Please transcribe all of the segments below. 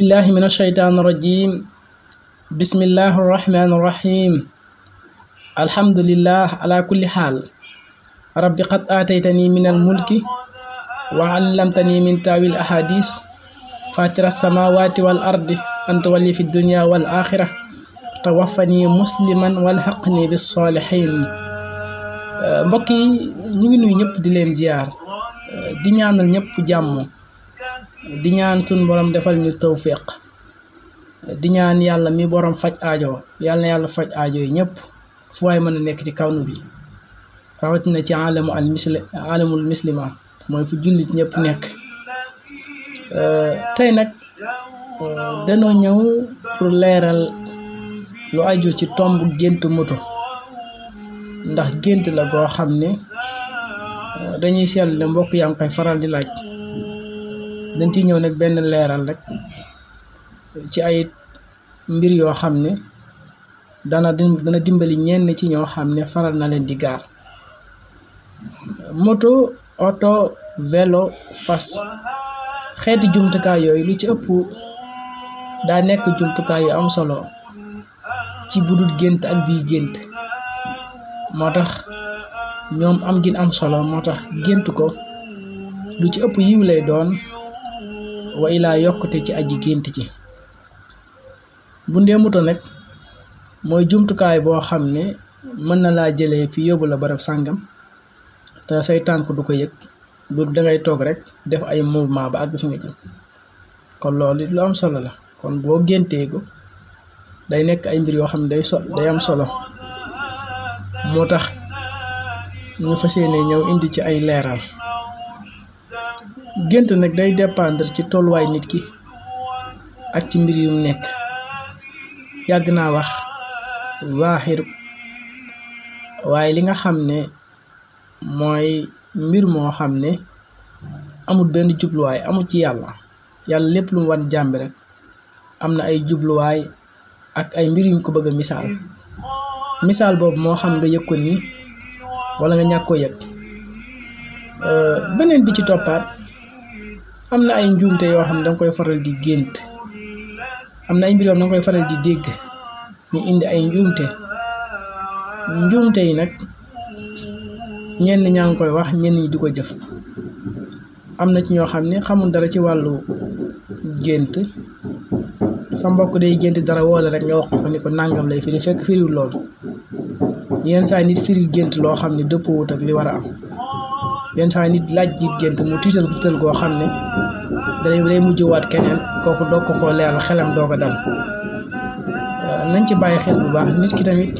بالله من الشيطان الرجيم بسم الله الرحمن الرحيم الحمد لله على كل حال رب قد آتيتني من الملك وعلمتني من تاوي الأحاديث فاتر السماوات والأرض أنت ولي في الدنيا والآخرة توفني مسلما والحقني بالصالحين آه، mbokk yi ñu نيب دي لين زيار دي نيانل نيب جامو di ñaan sun borom defal ñu tawféq di ñaan yàlla mi boroom faj aajo yàlla na yàlla faj aajo yi ñëpp fu waay mën a nekk ci kawnu bi rawatina ci alamu al misli alamul mooy fu jullit ñëpp nekk euh, tey nag euh, danoo ñëw pour leeral lu aju ci tomb gént moto ndax gént la goo xam ne euh, dañuy seetlu ne mbokk yaa koy faral di laaj dañ ciy ñëw nag benn leeral rek ci ay mbir yoo xam ne dana dana dimbali ñenn ci ñoo xam ne faral na leen di gaar moto oto velo fas xeeti jumtukaay yooyu lu ci ëpp daa nekk jumtukaay yu am solo ci budul gént ak bii gént moo tax ñoom am gin am solo moo tax gént ko lu ci ëpp yiw lay doon wa ilaa yokkute ci aji gént ji bu ndee moto nag mooy jumtukaay boo xam ne mën na laa jële fi yóbbu la barab sàngam te say tànk du ko yëg du dangay toog rek def ay mouvement ba àgg fi nga jëm kon loolu lu am solo la kon boo génteeku day nekk ay mbir yoo xam ne day so day am solo moo tax ñu fas yéene ñëw indi ci ay leeral gént nag day dépendre ci tolluwaay nit ki ak ci mbir yum nekk yàgg naa wax zaahir waaye li nga xam ne mooy mbir moo xam ne amul benn jubluwaay amul ci yàlla yàlla lépp lu mu wan jàmbire am na ay jubluwaay ak ay mbir yuñ ko bëgg a misaal misaal boobu moo xam nga yëg ko nii wala nga ñàkk ko yëg beneen bi ci toppaat am na ay njuumte yoo xam ne danga koy faral di gént am na ay mbir yoo danga koy faral di dégg ñu indi ay njuumte njuumte yi nag ñenn ñaa ngi koy wax ñenn ñi du ko jëf am na ci ñoo xam ne xamul dara ci wàllu gént sa mbokk day gént dara woo la rek nga wax ko ni ko nàngam lay firi fekk firiwul loolu yenn saa nit firi gént loo xam ne dëppoo wut ak li war a am yenn saa nit laaj jiit gént mu tiital ko goo xam ne dalay lay mujjwaat keneen kooku doog ko koo leeral xelam doo ko dal euh, nañ ci bàyyi xel bu baax nit ki tamit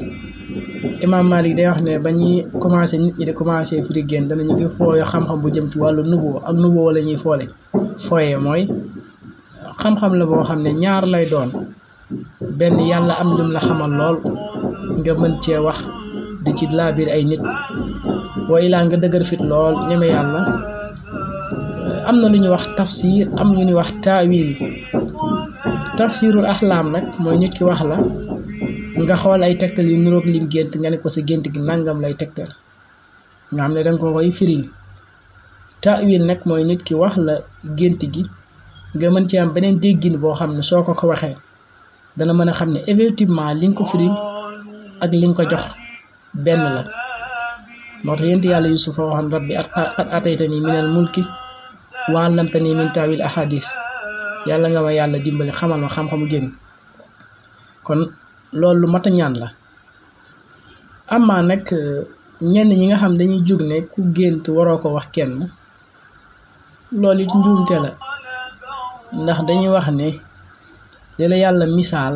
imaam Malik day wax ne ba ñuy commencé nit ñi di commencé firi gént danañu di fooyo xam-xam bu jëm ci wàllu nubuwa ak nubuwa la ñuy foole fooyee mooy xam-xam la boo xam ne ñaar lay doon benn yàlla am lum la xamal lool nga mën cee wax di ci laa biir ay nit way la nga dëgër fit lool ñeme yalla am na lu ñu wax tafsir am ñu ñu wax tawil tafsirul ahlam nak moy ñu ki wax la nga xol ay tektal yu nuroog lim gént nga ne ko sa gént gi nangam lay tektal nga xam ne ko koy firil tawil nak moy nit ki wax la gént gi nga mën ci am benen déggin bo xamne soko ko waxe dana mëna xamne effectivement li nga ko firi ak li jox ben la moo yent yalla yusuf wa waxoon rabbi at ataytani al mulki wa tani min tawil ahadis yalla nga ma yalla dimbali xamal ma xam-xamu gem kon loolu mata lah ñaan la amma nak euh, ñen ñi nga xam dañuy jug ne ku gént waro ko wax kenn loolu it njumte la ndax dañuy wax ne li yalla misal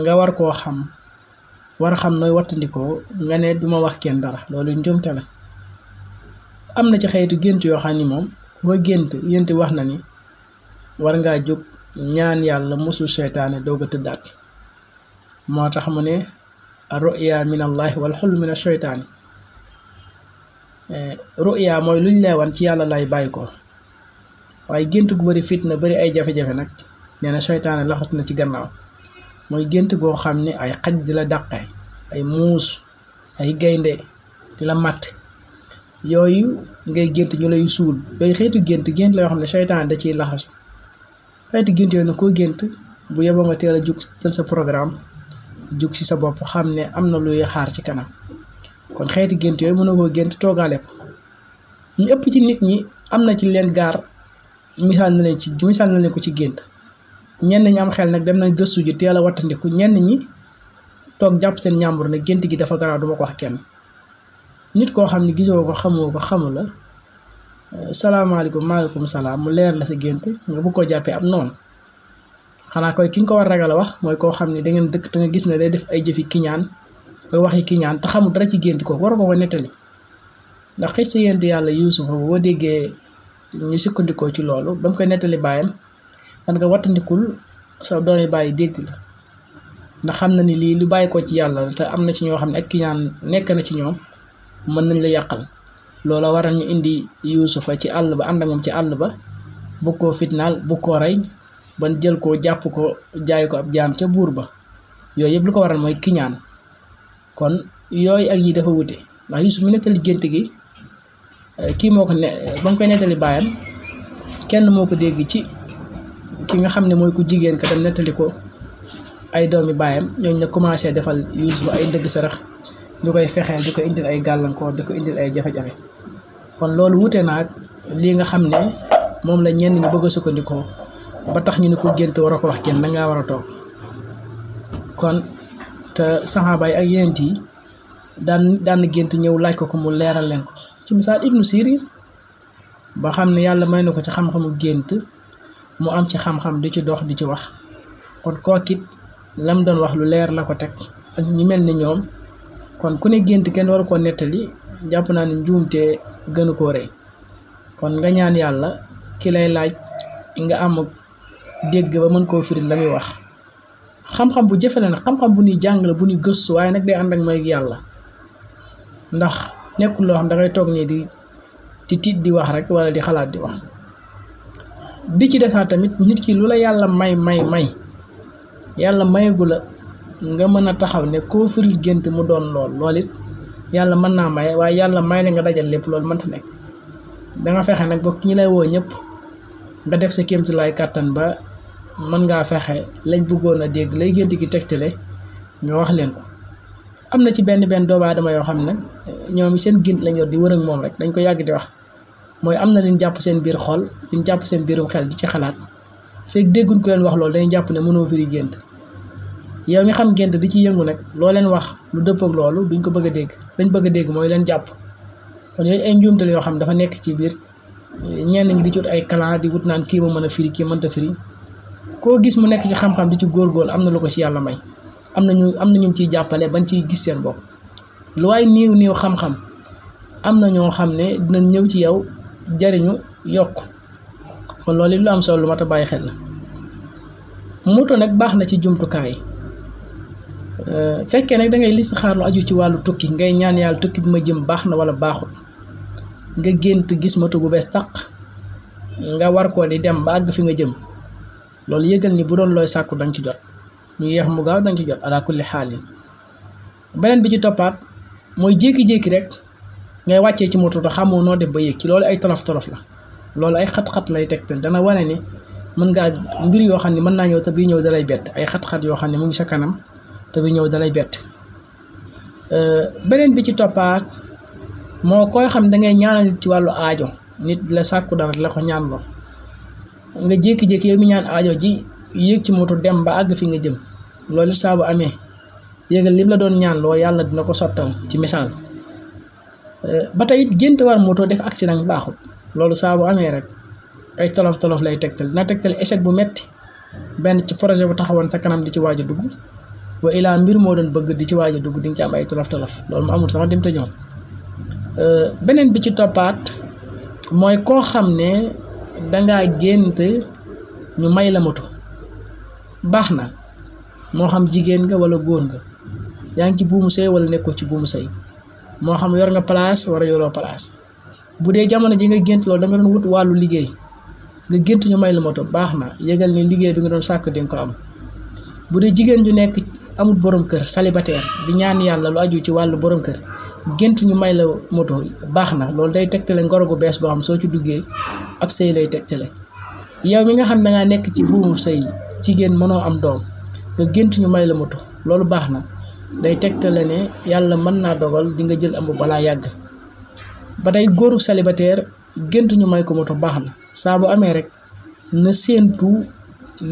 nga war ko xam war a xam nooy wattandikoo nga ne duma wax kenn dara loolu njuumte la am na ci xeetu gént yoo xam ni moom ko gént yént wax na ni war ngaa jóg ñaan yàlla mosul seytaane doog a tëddaat moo tax mu ne ruya min allahi wal xul min asheytaani eh, ruya mooy luñ lay wan ci yàlla lay bàyyi ko waaye gént gu bëri fitna bëri ay jafe-jafe nag nee soytaane seytaane laxas na ci gannaaw mooy gént goo xam ne ay xaj di la dàqe ay muus ay gaynde di la matt yooyu ngay gént ñu lay suul yooyu xeetu gént gént la yoo xam ne seytaan da ciy laxasu xeetu gént yooyu nag koo gént bu yeboo nga teel a jug teel sa programme jug ci sa bopp xam ne am na luy xaar ci kanam kon xeeti gént yooyu mën na koo gént toogaale ko ñu ëpp ci nit ñi am na ci leen gaar misaal na leen ci misaal na leen ko ci gént ñenn ñi am xel nag dem nañ gëstu ji teel a wattandiku ñenn ñi toog jàpp seen ñàmbur ne gént gi dafa garaaw duma ko wax kenn nit koo xam ne gisoo ko xamoo ko xamu la euh, salaamaaleykum maaleykum salaam mu leer la sa gént bu ko jàppee am noonu xanaa koy ki nga ko war ragal wax mooy koo xam ne da ngeen dëkk te nga gis na day def ay jëfi kiñaan wax waxi kiñaan te xamul dara ci gént ko war ko ko nettali ndax xis si yént yàlla yuusufa boo déggee ñu sukkandikoo ci loolu ba mu koy nettali baayam man nga wattandikul sa doomi bàyyi dégg la ndax xam na ni lii lu bàyyi ko ci yàlla te am na ci ñoo xam ne ak kiñaan nekk na ci ñoom mën nañ la yàqal loola waral ñu indi yuusufa ci àll ba ànd ak moom ci àll ba bëgg koo fitnaal bëgg koo rey ban jël ko jàpp ko jaay ko ab jaam ca buur ba yooyu yëpp lu ko waral mooy kiñaan kon yooyu ak yi dafa wute ndax Yuusuf mu nettali gént gi eh, kii moo ko ne ba mu koy nettali baayam kenn moo ko dégg ci ki nga xam ne mooy ko jigéen ka dem nettali ko ay doomi baayam ñooñ na commencé defal Yuusufa ay ndëgg sarax ñu koy fexeel di ko indil ay gàllankoor di ko indil ay jafe-jafe kon loolu wute naag lii nga xam ne moom la ñenn ñi bëgg a sukkandikoo ba tax ñu ne ko gént war a ko wax kenn da war a toog kon te saxaaba yi ak yéent yi daan daan gént ñëw laaj ko ko mu leeral leen ko ci misaal ibnu sirir ba xam ne yàlla may na ko ci xam-xamu gént mu am ci xam-xam di ci dox di ci wax kon kookit lam doon wax lu leer la ko teg ak ñi mel ni ñoom kon ku ne gént kenn war ko nettali jàpp naa ni njuumte gënu koo rëy kon nga ñaan yàlla ki lay laaj nga am dégg ba mën koo firit la muy wax xam-xam bu jëfe la nag xam-xam bu ni jàng la bu ñuy gëstu waaye nag day ànd ak may yàlla ndax nekkul loo xam da toog nii di di tiit di wax rek wala di xalaat di wax di ci desaa tamit nit ki lu la yàlla may may may yàlla mayagu nga mën a taxaw ne koo firil gént mu doon lool lool yàlla mën naa may waaye yàlla may la nga dajal lépp loolu mënta nekk danga fexe nag ba ñu lay woo ñëpp nga def sa kéemtulaay kàttan ba mën ngaa fexe lañ bëggoon a dégg lay gént gi tegtale nga wax leen ko am na ci benn benn doomu aadama yoo xam ne ñoom seen gént lañ yor di wër ak moom rek dañ ko yàgg di wax mooy am na luñ jàpp seen biir xol luñ jàpp seen biirum xel di ci xalaat fekk dégguñ ko leen wax loolu dañuy jàpp ne mënoo firi gént yow mi xam gént di ci yëngu nag loo leen wax lu dëppoog loolu duñ ko bëgg a dégg lañ bëgg a dégg mooy leen jàpp kon yooyu ay njuumtal yoo xam dafa nekk ci biir ñenn ñi di ci wut ay kalan di wut naan kii ma mën a firi kii mënta firi koo gis mu nekk ci di ci góorgóorlu am na lu ko ci yàlla may am na ñu am na ñu ciy jàppale bañ ciy gis seen bopp lu waay niiw niiw xam-xam am na ñoo xam ne dinañ ñëw ci yow jariñu yok kon loolu lu am solo lu mata a bàyyi xel la moto nag baax na ci jumtukaay euh, fekkee nag da ngay listixaar lu aju ci wàllu tukki ngay ñaan yàlla tukki bi ma jëm baax na wala baaxul nga gént gis moto bu bees taq nga war koo di dem ba àgg fi nga jëm loolu yëgal ni bu doon looy sàkku danga ci jot ñu yeex mu gaaw danga ci jot ala kulli xaalin beneen bi ci toppaat mooy rek. ngay wàccee ci moto te xamoo noo def ba yéeg ci loolu la loolu ay xat-xat lay tegtal dana wane ni mën ngaa mbir yoo xam ne mën naa ñëw te bii ñëw dalay bett ay xat-xat yoo xam ne mu ngi sa kanam te ñëw dalay bett euh, beneen bi ci toppaat moo koy xam da ngay ñaanal ci wàllu aajo nit la sàkku dara la ko nga jékki-jékki yow aajo ji yéeg ci moto dem ba àgg fi nga jëm loolu it saa bu amee yéegal lim la doon ñaan yàlla dina ko sottal ci misaal. Eh, ba tey gént war moto def accident baaxut loolu saa bu amee rek ay tolof tolof lay tegtal dina tegtal échec bu metti benn ci projet bu taxawoon sa kanam di ci waaj a dugg wa ila mbir moo doon bëgg di ci waaj a dugg di nga ci am ay tolof tolof loolu mu amul sama dem ñoom eh, beneen bi ci toppaat mooy koo xam ne dangaa gént ñu may la moto baax na moo xam jigéen nga wala góor nga yaa ngi ci buumu sey wala nekkoo ci buumu moo xam yor nga place wala yoroo place bu dee jamono ji nga gént loolu da doon wut wàllu liggéey nga gént ñu may la moto baax na yëgal ni liggéey bi nga doon sàkk di ko am bu dee jigéen ju nekk amul borom kër célibataire di ñaan yàlla lu aju ci wàllu borom kër gént ñu may la moto baax na loolu day tegtale ngoro gu bees goo xam soo ci duggee ab sëy lay tegtale yow mi nga xam danga nekk ci buumu sëy jigéen mënoo am doom nga gént ñu may la moto loolu baax na day tegtale ne yàlla mën naa dogal di nga jël ëmb balaa yàgg ba tey góoru célibataire gént ñu may ko moto baax na saa bu amee rek na séentu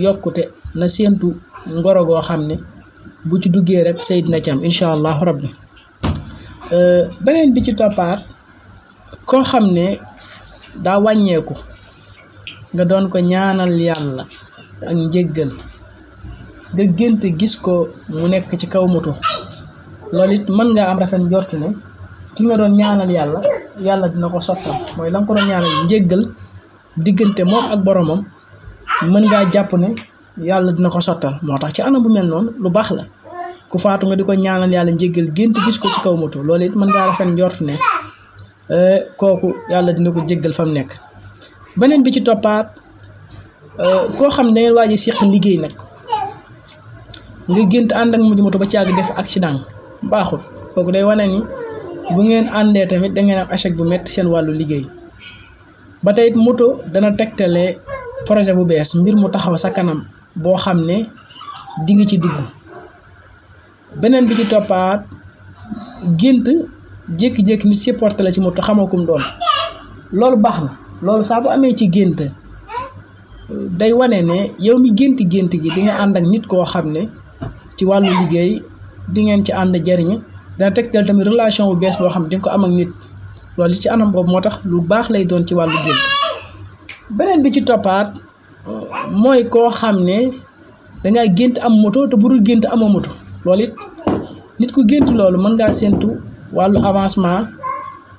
yokkute na séentu ngoro goo xam ne bu ci duggee rek say dina ci am incha allah rabbi euh, beneen bi ci toppaat koo xam ne daa wàññeeku nga doon ko ñaanal la ak njëggal nga gént gis ko mu nekk ci kaw moto loolu it mën ngaa am rafet njort ne ki nga doon ñaanal yàlla yàlla dina ko sottal mooy la ko doon ñaanal njéggal diggante moom ak boromam mën ngaa jàpp ne yàlla dina ko sottal moo tax ci anam bu mel noonu lu baax la ku faatu nga di ko ñaanal yàlla njégal gént gis ko ci kaw moto loolu it mën ngaa rafet njort ne euh, kooku yàlla dina ko jéggal fa mu nekk beneen bi ci toppaat euh, koo xam ne da ngeen waaj a seq liggéey nag. nga gënt and ak moto ba ci def accident baxul kooku day wone ni bu ngeen andé tamit da ngeen am échec bu metti seen walu liggéey ba moto dana tektalé projet bu bees mbir mu taxaw sa kanam bo xamné di nga ci dugg benen bi ci toppaat gënt jek jek nit supporté la ci moto xamoo kum doon lolou baax na loolu bu amé ci gënt day wone né yow mi gënt gënt gi di nga and ak nit ko xamné ci wàllu liggéey di ngeen ci ànd jariñu dana tegtal tamit relation bu bees boo xam di nga ko am ak nit ci anam boobu moo tax lu baax lay doon ci wàllu gént beneen bi ci toppaat mooy koo xam ne dangay gént am moto te bu dul gént amoo moto loolu it nit ku gént loolu mën ngaa séentu wàllu avancement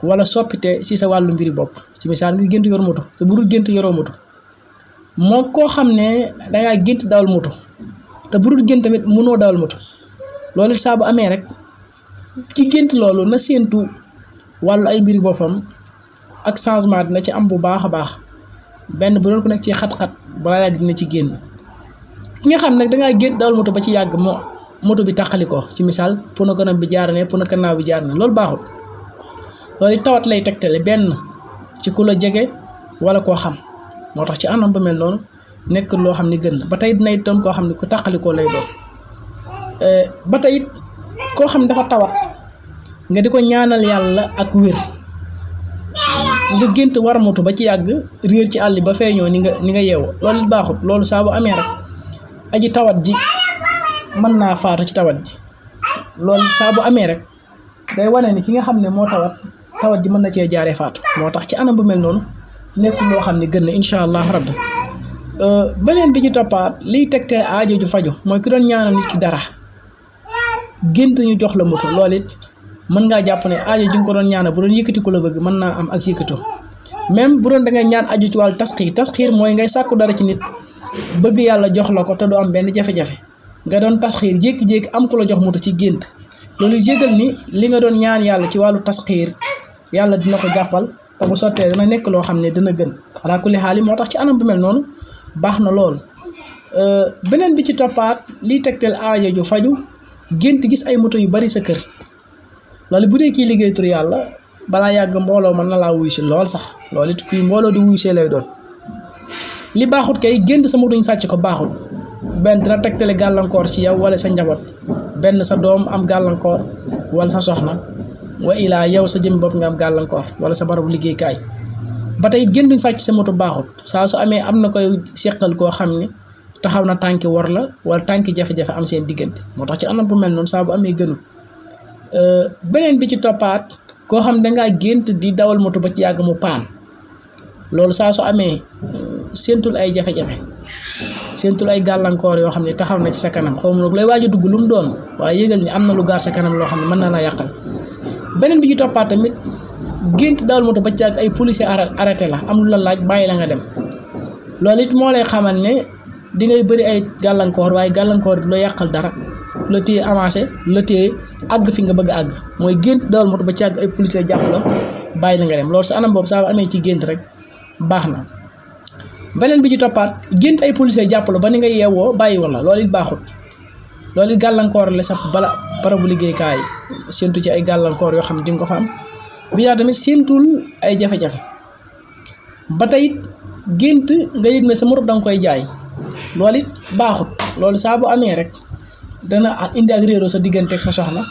walla soppite si sa wàllu mbiru bopp ci misaal nga gént yor moto te bu dul gént yoroo moto moo koo xam ne dangaa gént dawal moto te bu dul gént tamit mënoo dawal moto loolu it saa bu amee rek ci gént loolu na séentu wàllu ay mbiri boppam ak changement dina ci am bu baax a baax benn bu doon ko nekk ci xat-xat balaa yaa dina ci génn ki nga xam nag dangay gént dawal moto ba ci yàgg moo moto bi taqali ko ci misaal pono kanam bi jaar ne pono gannaaw bi jaar ne loolu baaxul loolu tawat lay tegtale benn ci ku la jege wala koo xam moo tax ci anam ba mel noonu nekk loo xam ne gën na ba tey dina doon koo xam ne ku tàqalikoo lay doon eh, ba tey koo xam ne dafa tawat nga di ko ñaanal yàlla ak wér nga gént war motu ba ci yàgg réer ci àll ba feeñoo ni nga ni nga yeew loolu it baaxut loolu saa bu amee rek aji tawat ji mën naa faatu ci tawat ji loolu saa bu amee rek day wane ni ki nga xam ne moo tawat tawat ji mën na cee jaare faatu moo tax ci anam bu mel noonu nekk loo xam ne gën na incha allah rabbi Euh, beneen bi ci toppaat liy tegtee aajo ju faju mooy ki doon ñaanal nit ki dara gént ñu jox la moto loolu it mën ngaa jàpp ne aajo ji nga ko doon ñaan bu doon yëkkati ko la bëgg mën naa am ak yëkkatu même bu doon da ñaan aju ci wàllu tasxiir tasxiir mooy ngay sàkku dara ci nit bëgg yàlla jox la ko te du benn jafe nga doon tasxiir jékki am ku la jox moto ci gént loolu jégal ni li nga doon ñaan yàlla ci wàllu taskiir yàlla dina ko jàppal te bu sottee dana nekk loo xam ne dana gën alaa kulli moo tax ci anam bu mel noonu baxna lol, euh benen bi ci topat li tektel aajo ju faju genti gis ay moto yu bari sa kër lolou budé ki liggéey tur yàlla balaa yàgg mbooloo mën na laa wuyu sax lolit kuy di wuy ci lay doon li baxut kay genti sa moto ñu sacc ko baxul ben dara tektel galankor ci yow wala sa njabot ben sa dom am galankor wala sa soxna wa ila yow sa jëm bop nga am galankor wala sa liggéey kay ba tey génn sàcc sa moto baaxut saa su amee am na koy seqal koo xam ne taxaw na tànki war la wala tànki jafe-jafe am seen diggante moo tax ci anam bu mel noonu saa bu amee gënul euh, beneen bi ci toppaat koo xam dangaa gént di dawal moto ba ci yàgg mu paan loolu saa su amee euh, séentul ay jafe-jafe séentul ay gàllankoor yoo xam ne taxaw na ci sa kanam xaw ma nag lay waaja dugg lu mu doon waaye yëgal ni am na lu gaar sa kanam loo xam ne mën na la yàqal beneen bi ci toppaat tamit Gint dawal moto ba ci ak ay police arrêté la am lu la laaj bàyyi la nga dem lolit mo lay xamal ne di ngay bëri ay gàllankoor way gàllankoor lo yakal dara lo téye avancé lo téye ag fi nga bëgg ag moy mooy gént dawal moto ba ci ak ay police japp la bàyyi la nga dem lolu sa anam bob sa amé ci gént rek baxna benen bi ci topat gént ay police japp la ba ni nga wala lolit it lolit loolu la sax bala barabu kay sentu ci ay gàllankoor yo xam di nga fa bidaa tamit séentuwul ay jafe-jafe ba tey gént nga yëg ne sa moroom danga koy jaay loolu it baaxut loolu saa bu amee rek dana indi ak réeroo sa digganteeg sa soxna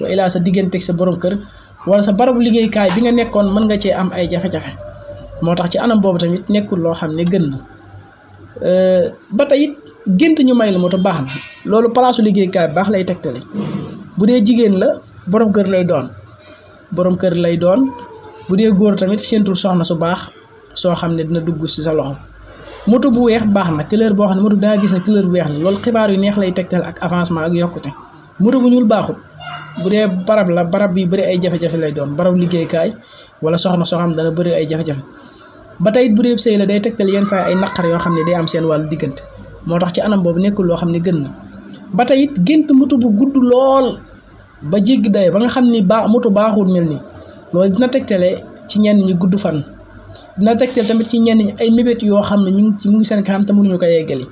wa ilaa sa digganteeg sa borom kër wala sa barabu liggéeykaay bi nga nekkoon mën nga cee am ay jafe-jafe moo tax ci anam boobu tamit nekkul loo xam ne gën na ba tey gént ñu may la moto baax na loolu palaasu liggéeykaay baax lay tegtale bu dee jigéen la borom kër lay doon. borom kër lay doon bu dee góor tamit séentul soxna su baax soo xam ne dina dugg ci sa loxo moto bu weex baax na couleur boo xam ne moto daa gis ne couleur bu weex la loolu xibaar yu neex lay tegtal ak avancement ak yokkute moto bu ñuul baaxul bu dee barab la barab bi bëri ay jafe-jafe lay doon barab liggéeykaay wala soxna soo xam ne dana bëri ay jafe-jafe ba tey bu dee sëy la day tegtal yenn saa ay naqar yoo xam ne day am seen wàllu diggante moo tax ci anam boobu nekkul loo xam ne gën na ba gént moto bu gudd lool ba jéggi day ba nga xam ni baa moto baaxul mel ni loolu dina tegtale ci ñenn ñi gudd fan dina tegtale tamit ci ñenn ñi ay mébét yoo xam ne ñu ngi mu ngi seen kanam te mënuñu ko yeggali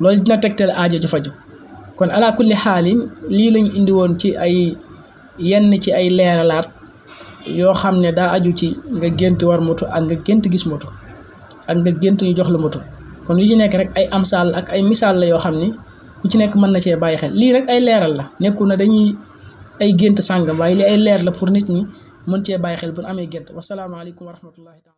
loolu dina tegtale aajo ju faju kon ala kulli xaalin lii lañ indi woon ci ay yenn ci ay leeralaat yoo xam ne daa aju ci nga gént war moto ak nga gént gis moto ak nga gént ñu jox la moto kon yu ci nekk rek ay amsaal ak ay misaal la yoo xam ni ku ci nekk mën na cee bàyyi xel lii rek ay leeral la ay gént sàngam waaye li ay leer la pour nit ñi mën cee bàyyi xel bu amee gént wasalaamaaleykum wa rahmatullahi taala